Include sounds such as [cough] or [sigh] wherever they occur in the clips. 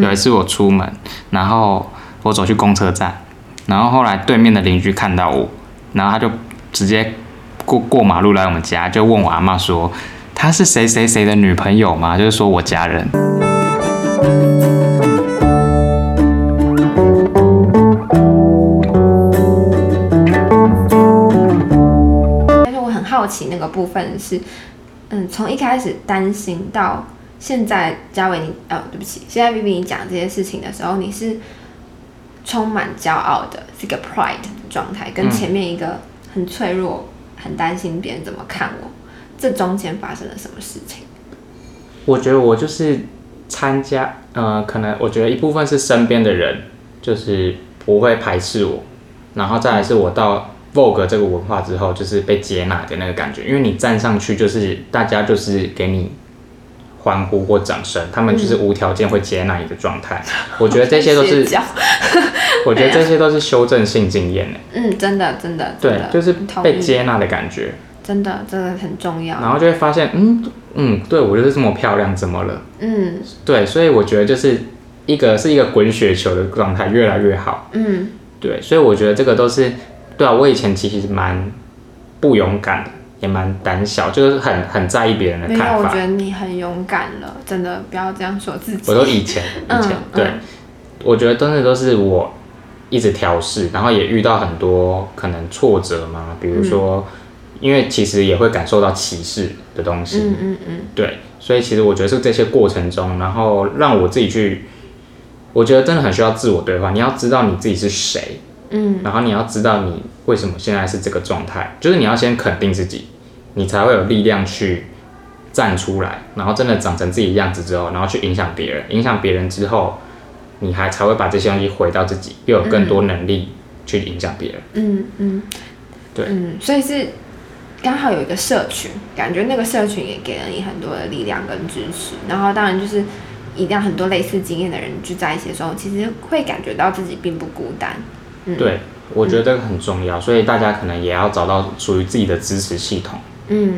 有一次我出門，然後我走去公車站，然後後來對面的鄰居看到我，然後他就直接過過馬路來我們家，就問我阿媽說她是誰誰誰的女朋友嘛，就是說我家人。但是我很好奇那個部分是，嗯，從一開始擔心到。現在嘉偉你呃、哦，對不起，現在比比你講這些事情的時候，你是充滿驕傲的，是一個 pride 的狀態，跟前面一個很脆弱、很擔心別人怎麼看我，這中間發生了什麼事情？我覺得我就是參加呃，可能我覺得一部分是身邊的人就是不會排斥我，然後再來是我到 Vogue 這個文化之後，就是被接納的那個感覺，因為你站上去就是大家就是給你。歡呼或掌聲，他們就是無條件會接納你的狀態。嗯、我覺得這些都是， [laughs] 我，學 [laughs] 我覺得這些都是修正性經驗嗯，真的，真的，對，就是被接納的感覺。真的，真的很重要啊。然後就會發現，嗯嗯，對，我就是這麼漂亮，怎麼了？嗯，對，所以我覺得就是一個是一個滾雪球的狀態，越來越好。嗯，對，所以我覺得這個都是，對啊，我以前其實蠻不勇敢的。也蠻膽小，就是很很在意別人的看法。沒有，我覺得你很勇敢了，真的不要這樣說自己。我都以前，以前，嗯、對、嗯，我覺得真的都是我一直調適，然後也遇到很多可能挫折嘛，比如說、嗯，因為其實也會感受到歧視的東西。嗯嗯嗯。對，所以其實我覺得是這些過程中，然後讓我自己去，我覺得真的很需要自我對話。你要知道你自己是誰，嗯，然後你要知道你為什麼現在是這個狀態，就是你要先肯定自己。你才會有力量去站出來，然後真的長成自己的樣子之後，然後去影響別人，影響別人之後，你還才會把這些東西回到自己，又有更多能力去影響別人。嗯嗯，對，嗯，所以是剛好有一個社群，感覺那個社群也給了你很多的力量跟支持，然後當然就是一定要很多類似經驗的人聚在一起的時候，其實會感覺到自己並不孤單。嗯、對，我覺得很重要、嗯，所以大家可能也要找到屬於自己的支持系統。嗯，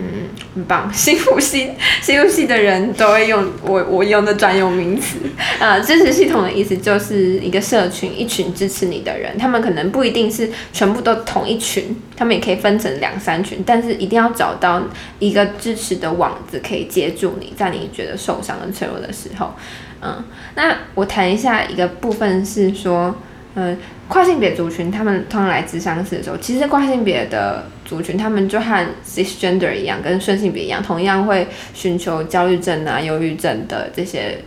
很棒。心輔系，心輔系的人都會用我我用的專用名詞啊、 [laughs] 嗯。支持系統的意思就是一個社群，一群支持你的人。他們可能不一定是全部都同一群，他們也可以分成兩三群，但是一定要找到一個支持的網子，可以接住你在你覺得受傷跟脆弱的時候。嗯，那我談一下一個部分是說。嗯，跨性別族群他們通常來諮商室的時候，其實跨性別的族群他們就和 cisgender 一樣，跟順性別一樣，同樣會尋求焦慮症啊、憂鬱症的這些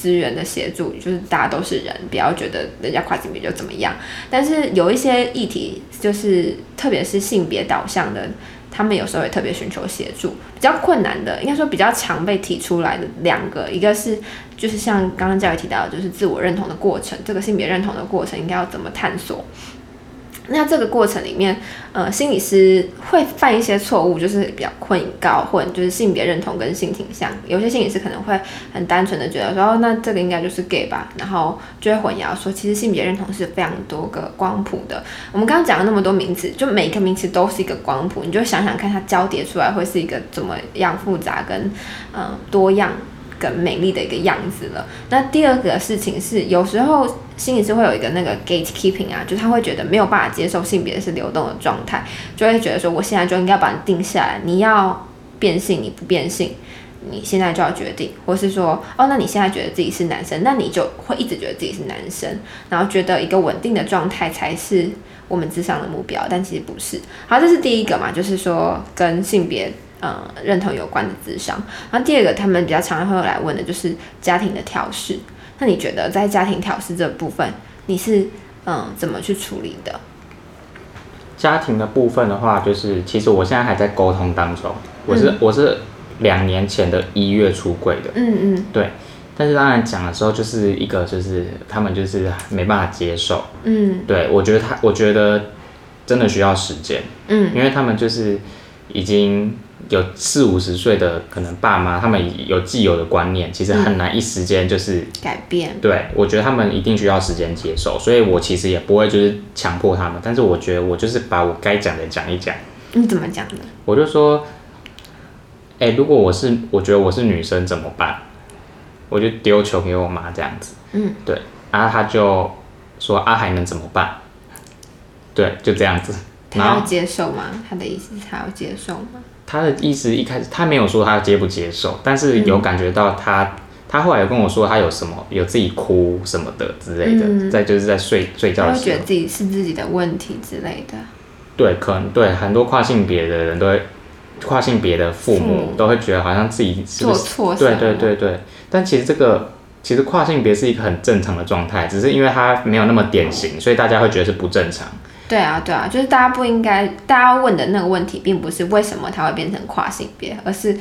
資源的協助。就是大家都是人，不要覺得人家跨性別就怎麼樣。但是有一些議題，就是特別是性別導向的。他們有時候也特別尋求協助，比較困難的，應該說比較常被提出來的兩個，一個是就是像剛剛嘉怡提到的，就是自我認同的過程，這個性別認同的過程應該要怎麼探索？那這個過程裡面，呃，心理師會犯一些錯誤，就是比較搞混，或者就是性別認同跟性傾向，有些心理師可能會很單純的覺得說，哦、那這個應該就是 gay 吧，然後就會混淆說，其實性別認同是非常多個光譜的。我們剛剛講了那麼多名詞，就每一個名詞都是一個光譜，你就想想看，它交疊出來會是一個怎麼樣複雜跟嗯、呃、多樣。更美麗的一個樣子了。那第二個事情是，有時候心理是會有一個那個 gatekeeping 啊，就是他會覺得沒有辦法接受性別是流動的狀態，就會覺得說，我現在就應該把你定下來，你要變性，你不變性，你現在就要決定，或是說，哦，那你現在覺得自己是男生，那你就會一直覺得自己是男生，然後覺得一個穩定的狀態才是我們至上的目標，但其實不是。好，這是第一個嘛，就是說跟性別。嗯，認同有關的諮商。然後第二個，他們比較常常會來問的就是家庭的調適。那你覺得在家庭調適這部分，你是嗯怎麼去處理的？家庭的部分的話，就是其實我現在還在溝通當中。嗯、我是我是兩年前的一月出櫃的。嗯嗯。對。但是當然講的時候，就是一個就是他們就是沒辦法接受。嗯。對，我覺得他我覺得真的需要時間。嗯。因為他們就是已經。有四五十歲的可能爸，爸媽他們有既有的觀念，其實很難一時間就是、嗯、改變。對，我覺得他們一定需要時間接受，所以我其實也不會就是強迫他們，但是我覺得我就是把我該講的講一講。你、嗯、怎麼講的？我就說，哎、欸，如果我是，我覺得我是女生怎麼辦？我就丟球給我媽這樣子。嗯，對。然、啊、後他就說：“啊，還能怎麼辦？”對，就這樣子。他要接受嗎？他的意思是他要接受嗎？他的意思一開始他沒有說他接不接受，但是有感覺到他，嗯、他後來有跟我說他有什麼有自己哭什麼的之類的，嗯、在就是在睡睡覺的時候，他會覺得自己是自己的問題之類的。對，可能對很多跨性別的人，都會跨性別的父母都會覺得好像自己是是做錯，對對對對。但其實這個其實跨性別是一個很正常的狀態，只是因為他沒有那麼典型、嗯，所以大家會覺得是不正常。對啊，對啊，就是大家不應該，大家問的那個問題並不是為什麼它會變成跨性別，而是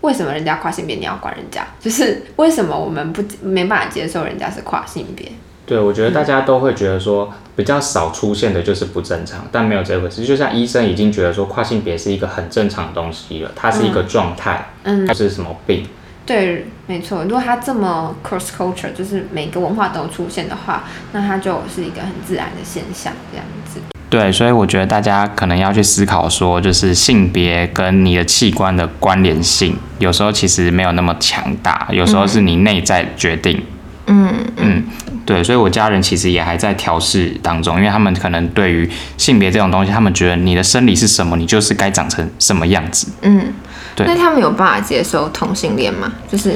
為什麼人家跨性別你要管人家？就是為什麼我們不沒辦法接受人家是跨性別？對，我覺得大家都會覺得說、嗯、比較少出現的就是不正常，但沒有這回事。就像醫生已經覺得說跨性別是一個很正常的東西了，它是一個狀態，嗯，它、嗯，就是什麼病。對，沒錯。如果它這麼 cross culture，就是每個文化都出現的話，那它就是一個很自然的現象，這樣子。對，所以我覺得大家可能要去思考說，說就是性別跟你的器官的關聯性，有時候其實沒有那麼強大，有時候是你內在決定。嗯嗯，對。所以我家人其實也還在調適當中，因為他們可能對於性別這種東西，他們覺得你的生理是什麼，你就是該長成什麼樣子。嗯。那他們有辦法接受同性戀嗎？就是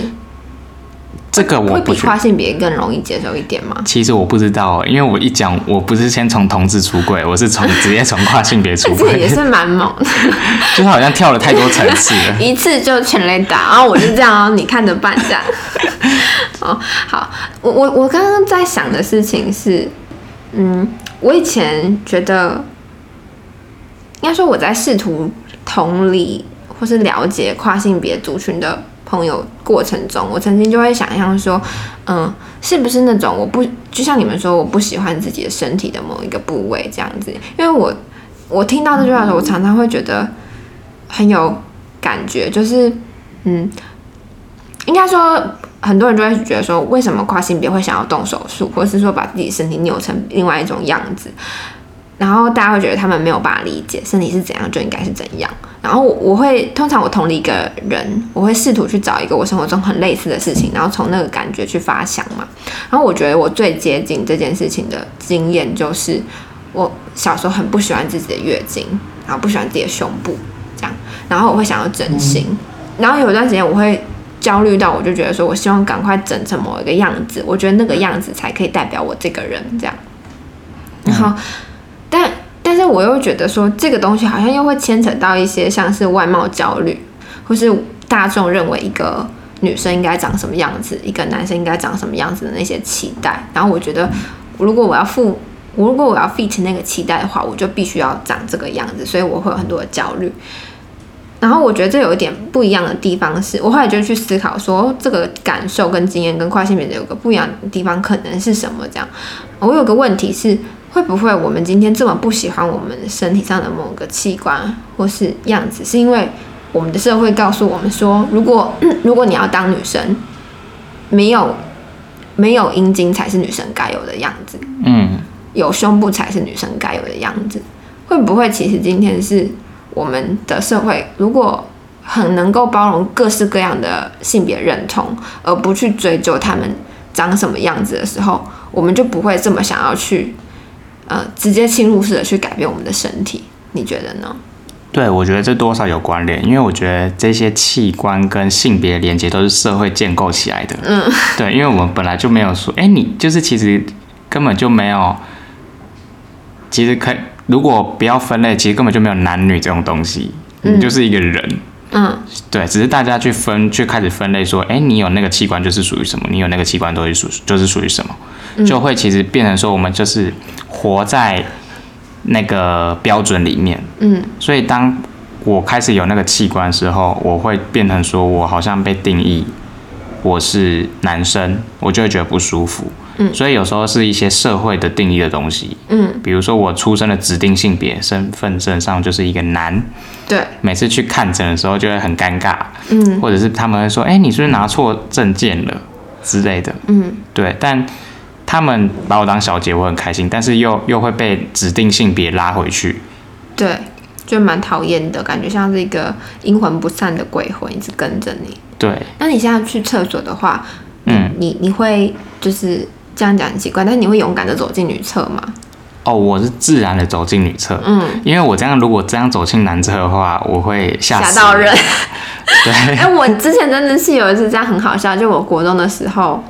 這個我不，我會比跨性別更容易接受一點嗎？其實我不知道，因為我一講我不是先從同志出櫃，我是從直接從跨性別出櫃， [laughs] 這也是蠻猛的，就是好像跳了太多層次了， [laughs] 一次就全壘打，然、哦、後我是這樣，哦，你看著辦， [laughs] 哦，好，我我我剛剛在想的事情是，嗯，我以前覺得，應該說我在試圖同理。或是了解跨性別族群的朋友過程中，我曾經就會想象說，嗯，是不是那種我不，就像你們說我不喜歡自己的身體的某一個部位這樣子？因為我我聽到這句話的時候，我常常會覺得很有感覺，就是嗯，應該說很多人就會覺得說，為什麼跨性別會想要動手術，或是說把自己身體扭成另外一種樣子？然後大家會覺得他們沒有辦法理解，身體是怎樣，就應該是怎樣。然後我我會通常我同理一個人，我會試圖去找一個我生活中很類似的事情，然後從那個感覺去發想嘛。然後我覺得我最接近這件事情的經驗就是，我小時候很不喜歡自己的月經，然後不喜歡自己的胸部這樣，然後我會想要整形，嗯，然後有一段時間我會焦慮到我就覺得說，我希望趕快整成某一個樣子，我覺得那個樣子才可以代表我這個人這樣。然後，嗯但是我又覺得說，這個東西好像又會牽扯到一些像是外貌焦慮，或是大眾認為一個女生應該長什麼樣子，一個男生應該長什麼樣子的那些期待。然後我覺得，如果我要付，我如果我要 fit 那個期待的話，我就必須要長這個樣子，所以我會有很多的焦慮。然後我覺得這有一點不一樣的地方是，我後來就去思考說，這個感受跟經驗跟跨性別有個不一樣的地方可能是什麼？這樣，我有個問題是。會不會我們今天這麼不喜歡我們身體上的某個器官或是樣子，是因為我們的社會告訴我們說，如果、嗯、如果你要當女生，沒有沒有陰莖才是女生該有的樣子，嗯，有胸部才是女生該有的樣子。會不會其實今天是我們的社會，如果很能夠包容各式各樣的性別認同，而不去追究他們長什麼樣子的時候，我們就不會這麼想要去。呃，直接侵入式的去改變我們的身體，你覺得呢？對，我覺得這多少有關聯，因為我覺得這些器官跟性別連接都是社會建構起來的。嗯，對，因為我們本來就沒有說，哎、欸，你就是其實根本就沒有，其實可如果不要分類，其實根本就沒有男女這種東西，嗯、你就是一個人。嗯，對，只是大家去分去開始分類說，哎、欸，你有那個器官就是屬於什麼，你有那個器官都是屬就是屬於什麼，就會其實變成說我們就是。活在那個標準裡面，嗯，所以當我開始有那個器官的時候，我會變成說，我好像被定義我是男生，我就會覺得不舒服，嗯，所以有時候是一些社會的定義的東西，嗯，比如說我出生的指定性別，身份證上就是一個男，對，每次去看診的時候就會很尷尬，嗯，或者是他們會說，誒、欸，你是不是拿錯證件了、嗯、之類的，嗯，對，但。他們把我當小姐，我很開心，但是又又會被指定性別拉回去。對，就蠻討厭的，感覺像是一個陰魂不散的鬼魂一直跟着你。對，那你現在去廁所的話，嗯，你你會就是這樣講很奇怪，但是你會勇敢的走進女廁嗎？哦，我是自然的走進女廁，嗯，因為我這樣如果這樣走進男廁的話，我會嚇死嚇到人。 [laughs] 對，哎、欸，我之前真的是有一次這樣很好笑，就我國中的時候。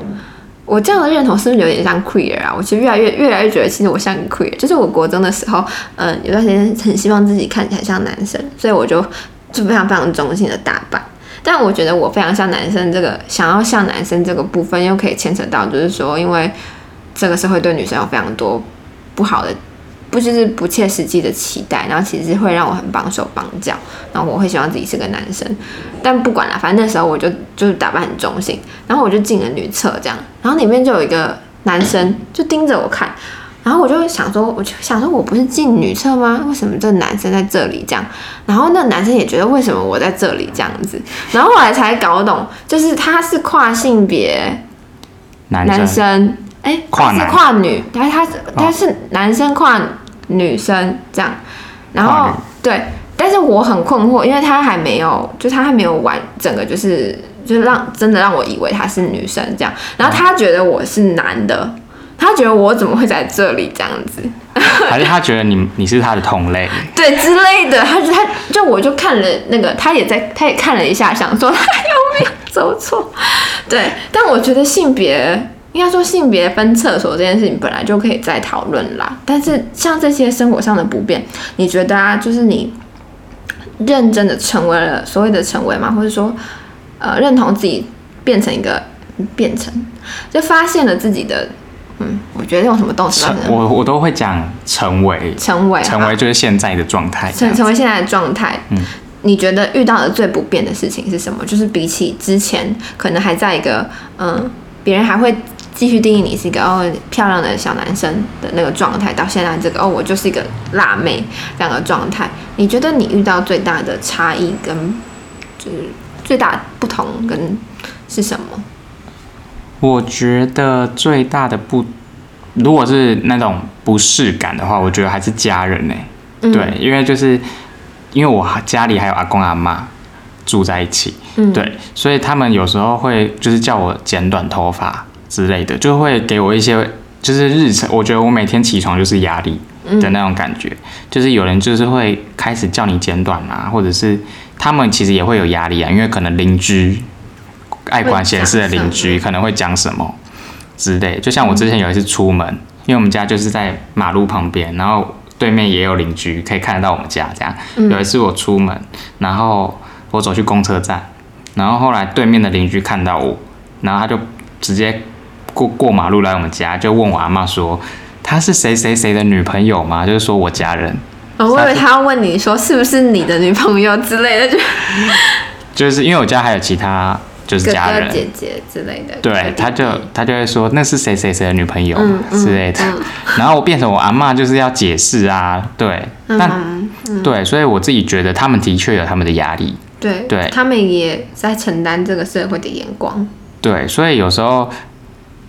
我這樣的認同是不是有點像 queer 啊？我其實越來越越來越覺得，其實我像個 queer，就是我國中的時候，嗯，有段時間很希望自己看起來像男生，所以我就就非常非常中性的打扮。但我覺得我非常像男生，這個想要像男生這個部分，又可以牽扯到，就是說，因為這個社會對女生有非常多不好的。不就是不切實際的期待，然後其實會讓我很綁手綁腳，然後我會希望自己是個男生，但不管了，反正那時候我就就是打扮很中性，然後我就進了女廁這樣，然後裡面就有一個男生就盯着我看，然後我就會想說，我就想說我不是進女廁嗎？為什麼這男生在這裡這樣？然後那男生也覺得為什麼我在這裡這樣子，然後後來才搞懂，就是他是跨性別男生。男生哎、欸，是跨女，跨但是他是、哦、他是男生跨女生這樣，然後對，但是我很困惑，因為他還沒有，就他還沒有完整個、就是，就是就是讓真的讓我以為他是女生這樣，然後他覺得我是男的，哦、他覺得我怎麼會在這裡這樣子？還是他覺得你你是他的同類？ [laughs] 對之類的，他就他就我就看了那個，他也在他也看了一下，想說，他有沒有走錯，對，但我覺得性別。應該說，性別分廁所這件事情本來就可以再討論啦。但是像這些生活上的不便，你覺得、啊、就是你認真的成為了所謂的成為嗎或者說呃認同自己變成一個變成，就發現了自己的嗯，我覺得用什麼動詞、啊？我我都會講成為，成為，成為就是現在的狀態，成、啊、成為現在的狀態。嗯，你覺得遇到的最不便的事情是什麼？就是比起之前，可能還在一個嗯，別人還會，繼續定義你是一個哦漂亮的小男生的那個狀態，到現在這個哦我就是一個辣妹這樣的狀態。你覺得你遇到最大的差異跟就是最大的不同跟是什麼？我覺得最大的不，如果是那種不適感的話，我覺得還是家人哎、欸嗯，對，因為就是因為我家裡還有阿公阿媽住在一起、嗯，對，所以他們有時候會就是叫我剪短頭髮。之類的，就會給我一些就是日常。我覺得我每天起床就是壓力的那種感覺、嗯，就是有人就是會開始叫你剪短啊，或者是他們其實也會有壓力啊，因為可能鄰居愛管閒事的鄰居可能會講什麼之類。就像我之前有一次出門，嗯、因為我們家就是在馬路旁邊，然後對面也有鄰居可以看得到我們家這樣。有一次我出門，然後我走去公車站，然後後來對面的鄰居看到我，然後他就直接。過過馬路來我們家，就問我阿嬤，說她是誰誰誰的女朋友嗎？就是說我家人。哦，我以為他要問你說是不是你的女朋友之類的，就， [laughs] 就是因為我家還有其他就是家人姐姐之類的，對他就他就會說那是誰誰誰的女朋友。嗯嗯、之類的、嗯，然後我變成我阿嬤就是要解釋啊，對 [laughs] 但、嗯嗯、對，所以我自己覺得他們的確有他們的壓力，對對，他們也在承擔這個社會的眼光，對，所以有時候。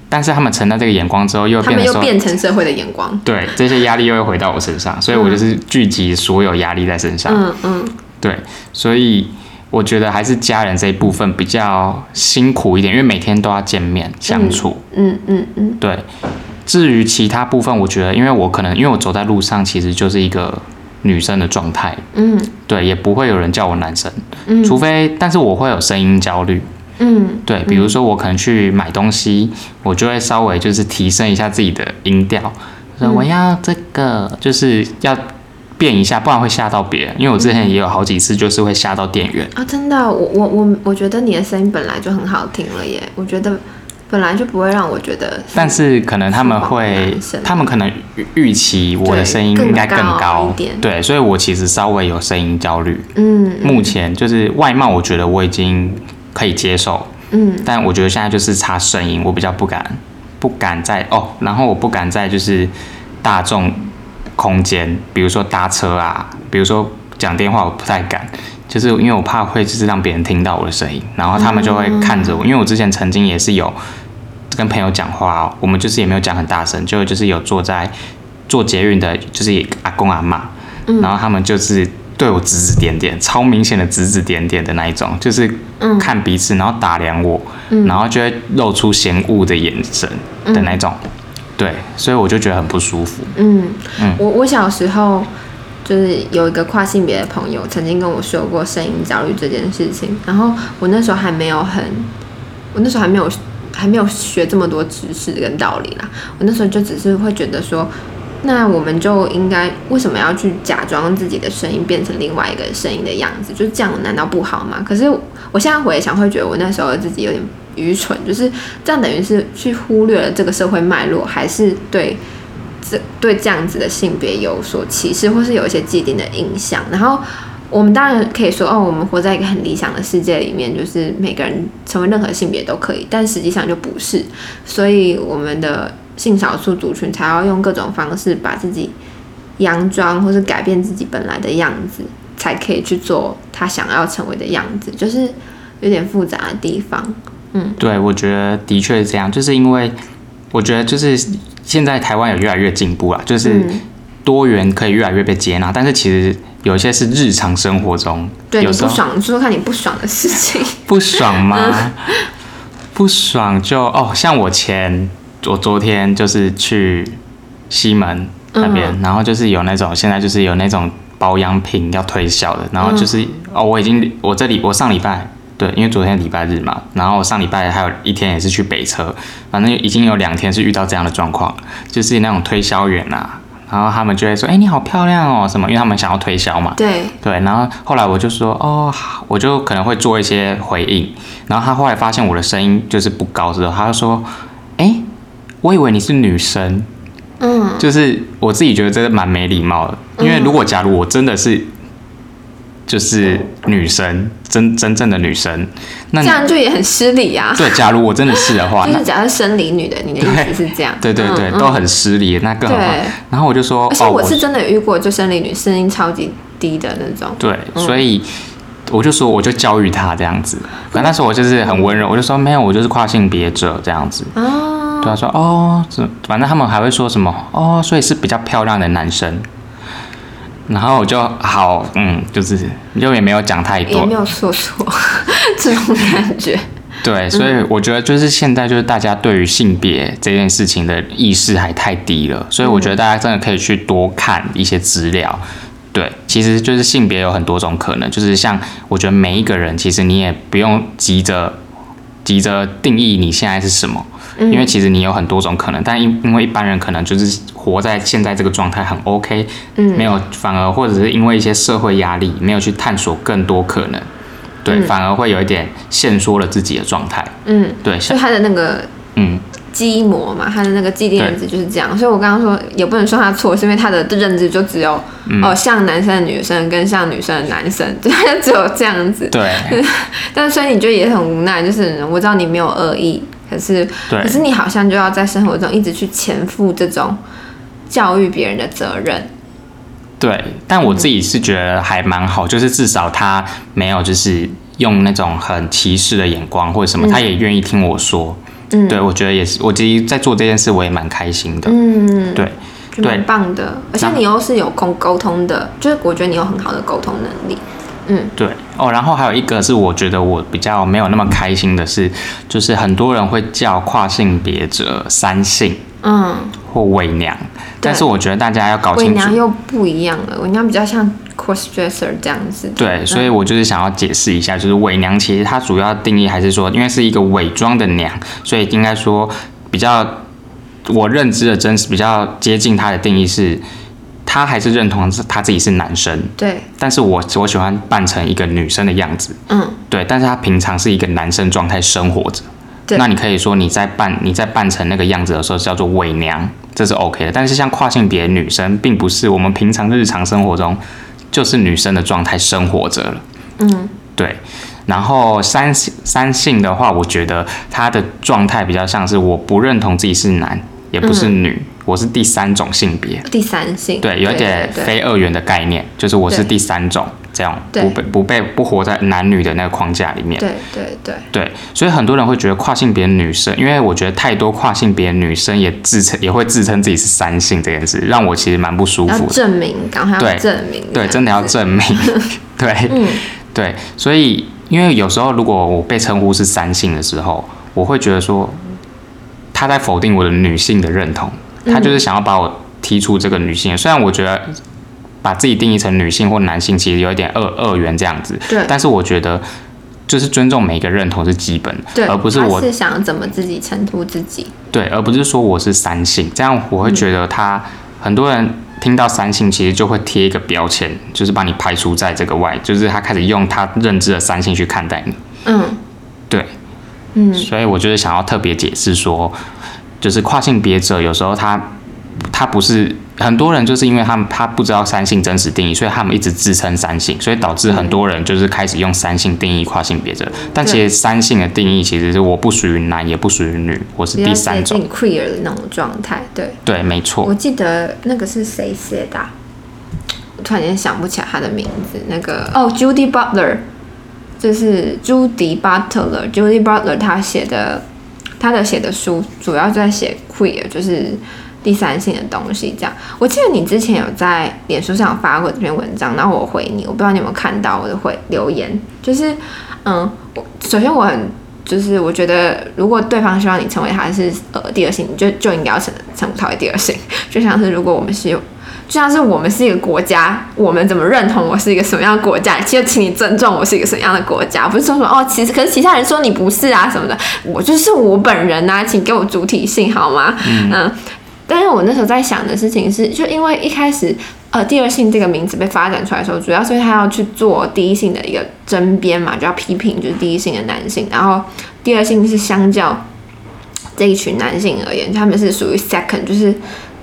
但是他們成了這個眼光之後，又變成說他們又變成社會的眼光，對，這些壓力又會回到我身上，所以我就是聚集所有壓力在身上。嗯嗯，對，所以我覺得還是家人這一部分比較辛苦一點，因為每天都要見面相處。嗯嗯嗯，對。嗯嗯嗯、至於其他部分，我覺得因為我可能因為我走在路上其實就是一個女生的狀態。嗯，對，也不會有人叫我男生，除非但是我會有聲音焦慮。嗯，對，比如說我可能去買東西，嗯，我就會稍微就是提升一下自己的音調，嗯，說我要這個，就是要變一下，不然會嚇到別人。因為我之前也有好幾次就是會嚇到店員啊。真的，哦，我我我我覺得你的聲音本來就很好聽了耶，我覺得本來就不會讓我覺得。但是可能他們會，他們可能預期我的聲音應該更高，更高，哦，一點，對，所以我其實稍微有聲音焦慮。嗯，目前就是外貌，我覺得我已經。可以接受，嗯，但我覺得現在就是差聲音，我比較不敢，不敢再哦，然後我不敢再就是大眾空間，比如說搭車啊，比如說講電話，我不太敢，就是因為我怕會就是讓別人聽到我的聲音，然後他們就會看着我，因為我之前曾經也是有跟朋友講話，我們就是也沒有講很大聲，就就是有坐在坐捷運的，就是阿公阿嬤，然後他們就是。對我指指點點，超明顯的指指點點的那一種，就是看彼此，嗯，然後打量我，嗯，然後就會露出嫌惡的眼神的那種，嗯。對，所以我就覺得很不舒服。嗯嗯，我我小時候就是有一個跨性別的朋友，曾經跟我說過聲音焦慮這件事情，然後我那時候還沒有很，我那時候還沒有還沒有學這麼多知識跟道理啦，我那時候就只是會覺得說。那我們就應該，為什麼要去假裝自己的聲音變成另外一個聲音的樣子？就是這樣，難道不好嗎？可是我現在回想，會覺得我那時候自己有點愚蠢，就是這樣等於是去忽略了這個社會脈絡，還是對這對這樣子的性別有所歧視，或是有一些既定的印象。然後我們當然可以說，哦，我們活在一個很理想的世界裡面，就是每個人成為任何性別都可以，但實際上就不是。所以我們的。性少數族群才要用各種方式把自己佯裝，或是改變自己本來的樣子，才可以去做他想要成為的樣子，就是有點複雜的地方。嗯，對，我覺得的確是這樣，就是因為我覺得就是現在台灣有越來越進步了，就是多元可以越來越被接納，嗯，但是其實有一些是日常生活中，對，你不爽，說說看你不爽的事情 [laughs] 不爽嗎？ [laughs] 不爽就哦，像我前。我昨天就是去西門那邊、嗯，然後就是有那種現在就是有那種保養品要推銷的，然後就是、嗯、哦，我已經我這裡我上禮拜，對，因為昨天禮拜日嘛，然後我上禮拜還有一天也是去北車，反正已經有兩天是遇到這樣的狀況，就是那種推銷員啊，然後他們就會說：“哎、欸，你好漂亮哦，什麼？”因為他們想要推銷嘛。對對，然後後來我就說：“哦，我就可能會做一些回應。”然後他後來發現我的聲音就是不高的，之後他就說。我以為你是女生，嗯，就是我自己覺得這個蠻沒禮貌的、嗯，因為如果假如我真的是就是女生，嗯、真真正的女生，那這樣就也很失禮呀、啊。對，假如我真的是的話， [laughs] 就是假設生理女的，你的意思是這樣？對，對對對，嗯、都很失禮，那更好。然後我就說，而且我是真的遇過就生理女，聲音超級低的那種。哦、對，所以我就說，我就教育她這樣子。可、嗯、那時候我就是很溫柔，我就說沒有，我就是跨性別者這樣子、啊。他說：“哦，反正他們還會說什麼哦，所以是比較漂亮的男生。”然後我就好，嗯，就是又也沒有講太多，沒有說錯這種感覺。對、嗯，所以我覺得就是現在就是大家對於性別這件事情的意識還太低了，所以我覺得大家真的可以去多看一些資料、嗯。對，其實就是性別有很多種可能，就是像我覺得每一個人，其實你也不用急着急着定義你現在是什麼。嗯、因為其實你有很多種可能，但因因為一般人可能就是活在現在這個狀態很 OK，嗯，沒有反而或者是因為一些社會壓力，沒有去探索更多可能，嗯、對，反而會有一點限縮了自己的狀態，嗯，對，所以他的那個嗯基模嘛、嗯，他的那個既定認知就是這樣，所以我剛剛說也不能說他錯，是因為他的認知就只有、嗯、哦像男生的女生跟像女生的男生，對，只有這樣子，對， [laughs] 但所以你覺得也很無奈，就是我知道你沒有惡意，可是，可是你好像就要在生活中一直去肩負這種教育別人的責任。對，但我自己是覺得還蠻好，嗯，就是至少他沒有就是用那種很歧視的眼光或者什麼，嗯，他也願意聽我說。嗯，對我覺得也是，我其實在做這件事我也蠻開心的。嗯，對，蠻棒的，而且你又是有空溝通的，就是我覺得你有很好的溝通能力。嗯，對。哦，然後還有一個是我覺得我比較沒有那麼開心的是，就是很多人會叫跨性別者“三性”，嗯，或偽娘，但是我覺得大家要搞清楚，偽娘又不一樣了，偽娘比較像 crossdresser 這樣子。對，嗯，所以我就是想要解釋一下，就是偽娘其實它主要定義還是說，因為是一個偽裝的娘，所以應該說比較我認知的真實比較接近它的定義是。他還是認同他自己是男生，對。但是我，我我喜歡扮成一個女生的樣子，嗯，對。但是他平常是一個男生狀態生活着，那你可以說你在扮你在扮成那個樣子的時候叫做偽娘，這是 OK 的。但是，像跨性別女生，並不是我們平常日常生活中就是女生的狀態生活着。嗯，對。然後三性三性的話，我覺得他的狀態比較像是我不認同自己是男。也不是女，嗯，我是第三種性別，第三性，對，有一點非二元的概念，對對對對，就是我是第三種，對對對對，這樣不被不被不活在男女的那個框架裡面。對對對，對，對，所以很多人會覺得跨性別女生，因為我覺得太多跨性別女生也自稱也會自稱自己是三性這件事，讓我其實蠻不舒服的。要證明，然後要證明對，對，真的要證明， [laughs] 對，嗯，對，所以因為有時候如果我被稱呼是三性的時候，我會覺得說。他在否定我的女性的認同，他就是想要把我踢出這個女性。嗯、雖然我覺得把自己定義成女性或男性其實有一點二二元這樣子，對。但是我覺得就是尊重每一個認同是基本的，對，而不是我是想要怎麼自己襯托自己，對，而不是說我是三性，這樣我會覺得他、嗯、很多人聽到三性其實就會貼一個標籤，就是把你排除在這個外，就是他開始用他認知的三性去看待你，嗯。嗯，所以我就想要特別解釋說，就是跨性別者有時候他他不是很多人，就是因為他們他不知道三性真實定義，所以他們一直自稱三性，所以導致很多人就是開始用三性定義跨性別者、嗯。但其實三性的定義其實是我不屬於男也不屬於女，我是第三種。Queer 的那種狀態，對對，沒錯。我記得那個是誰寫的、啊？我突然間想不起來他的名字。那個哦、oh，Judy Butler。這、就是朱迪·巴特勒 （Judy Butler）, Butler 她寫的，她的寫的書主要在寫 queer，就是第三性的東西。這樣，我記得你之前有在臉書上發過這篇文章，然後我回你，我不知道你有沒有看到我的回留言。就是，嗯，我首先我很就是我覺得，如果對方希望你成為他是呃第二性，你就就應該要成成為第二性，就像是如果我們是有。就像是我們是一個國家，我們怎麼認同我是一個什麼樣的國家？就請你尊重我是一個什麼樣的國家，不是說什麼哦，其實可是其他人說你不是啊什麼的，我就是我本人啊，請給我主體性好嗎？嗯嗯，但是我那時候在想的事情是，就因為一開始呃，第二性這個名字被發展出來的時候，主要是他要去做第一性的一個爭邊嘛，就要批評就是第一性的男性，然後第二性是相較這一群男性而言，他們是屬於 second，就是。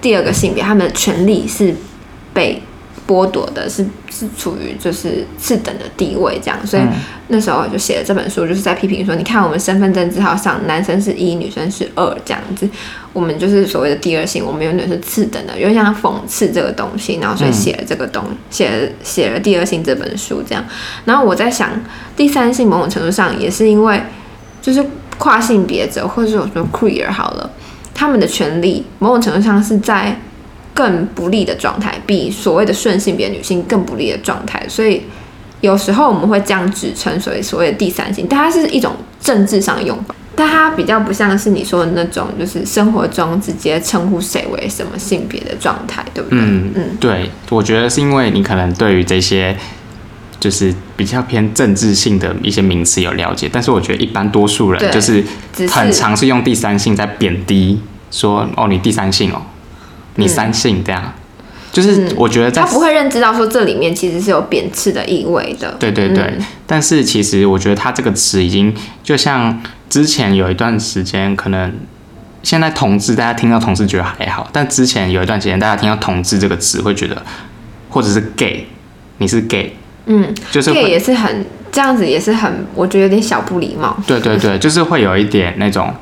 第二個性別，他們的權利是被剝奪的，是是處於就是次等的地位這樣，所以那時候就寫了這本書，就是在批評說，你看我們身份證字號上，男生是一，女生是二這樣子，我們就是所謂的第二性，我們永遠是次等的，因為像他諷刺這個東西，然後所以寫了這個東，寫了，寫了第二性這本書這樣，然後我在想，第三性某種程度上也是因為就是跨性別者或者是什麼 queer 好了。他們的權利某種程度上是在更不利的狀態，比所謂的順性別女性更不利的狀態。所以有時候我們會這樣指稱所謂所謂的第三性，但它是一種政治上的用法，但它比較不像是你說的那種，就是生活中直接稱呼誰為什麼性別的狀態，對不對？嗯嗯，對，我覺得是因為你可能對於這些。就是比較偏政治性的一些名詞有了解，但是我覺得一般多數人就是很常是用第三性在貶低，說、嗯、哦你第三性哦，你三性這樣、嗯，就是我覺得他不會認知到說，這裡面其實是有貶斥的意味的。對對對、嗯，但是其實我覺得他這個詞已經就像之前有一段時間，可能現在同志大家聽到同志覺得還好，但之前有一段時間大家聽到同志這個詞會覺得，或者是 gay，你是 gay。嗯，就是也是很這樣子，也是很，我覺得有點小不禮貌。對對對，就是會有一點那種，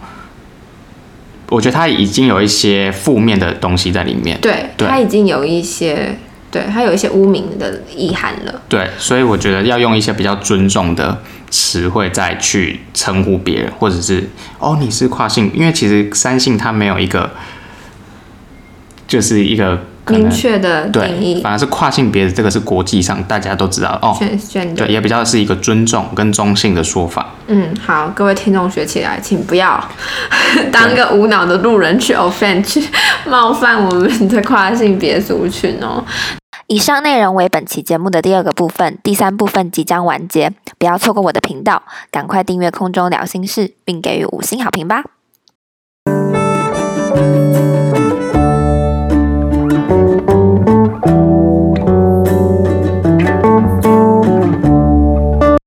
我覺得他已經有一些負面的東西在裡面。對，他已經有一些，對他有一些污名的意涵了。對，所以我覺得要用一些比較尊重的詞彙再去稱呼別人，或者是哦，你是跨性，因為其實三性他沒有一個，就是一個。明確的定義，反而是跨性別的這個是國際上大家都知道哦、oh,。對，也比較是一個尊重跟中性的說法。嗯，好，各位聽眾學起來，請不要當個無腦的路人去 offend 冒犯我們的跨性別族群哦。以上內容為本期節目的第二個部分，第三部分即將完結，不要錯過我的頻道，趕快訂閱空中療心室，並給予五星好評吧。